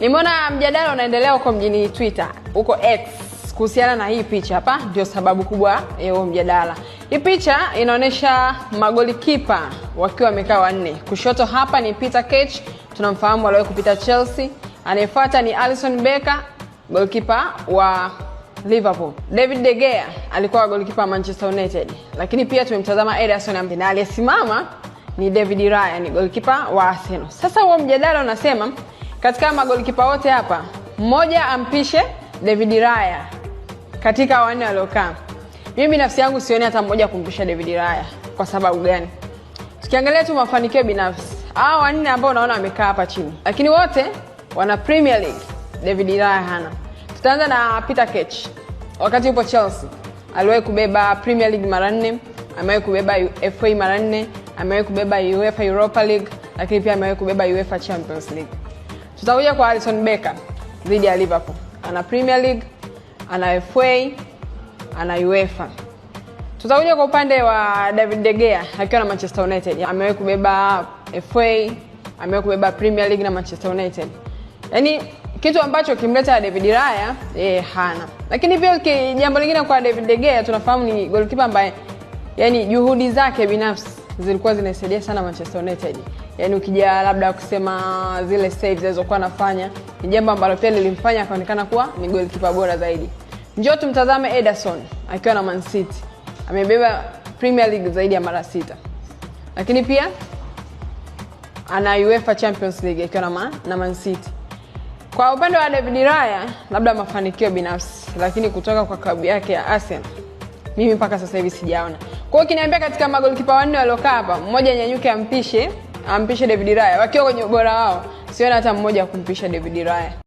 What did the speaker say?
Nimeona mjadala unaendelea huko mjini Twitter, huko X kuhusiana na hii picha hapa. Ndio sababu kubwa ya huo mjadala. Hii picha inaonyesha magoli kipa wakiwa wamekaa wanne. Kushoto hapa ni Peter kech tunamfahamu aliwahi kupita Chelsea. Anayefuata ni alison Becker, golikipa wa Liverpool. David De Gea alikuwa golikipa wa Manchester United, lakini pia tumemtazama Ederson, na aliyesimama ni David Raya, ni golikipa wa Arsenal. Sasa huo mjadala unasema katika magolikipa wote hapa mmoja ampishe David Raya katika wanne waliokaa. Mimi binafsi yangu sioni hata mmoja kumpisha David Raya. Kwa sababu gani? Tukiangalia tu mafanikio binafsi, hawa wanne ambao unaona wamekaa hapa chini, lakini wote wana Premier League. David Raya hana. Tutaanza na Peter Cech, wakati yupo Chelsea aliwahi kubeba Premier League mara nne, amewahi kubeba FA mara nne, amewahi kubeba UEFA Europa League, lakini pia amewahi kubeba UEFA Champions League tutakuja kwa Alison Becker dhidi ya Liverpool. Ana Premier League, ana FA, ana UEFA. Tutakuja kwa upande wa David De Gea akiwa na Manchester United. Amewahi kubeba FA, amewahi kubeba Premier League na Manchester United. Yaani kitu ambacho kimleta David Raya eh, hana. Lakini pia jambo lingine kwa David De Gea tunafahamu ni goalkeeper ambaye yani juhudi zake binafsi zilikuwa zinasaidia sana Manchester United yani ukija labda kusema zile saves alizokuwa anafanya ni jambo ambalo pia lilimfanya akaonekana kuwa ni golkipa bora zaidi. Njoo tumtazame Ederson akiwa na Man City, amebeba Premier League zaidi ya mara sita, lakini pia ana UEFA Champions League akiwa na, man, na Man City. Kwa upande wa David Raya, labda mafanikio binafsi, lakini kutoka kwa klabu yake ya Arsenal mimi mpaka sasa hivi sijaona. Kwa hiyo ukiniambia katika magolikipa wanne waliokaa hapa, mmoja nyanyuke ampishe ampishe David Raya, wakiwa kwenye ubora wao, sioni hata mmoja kumpisha David Raya.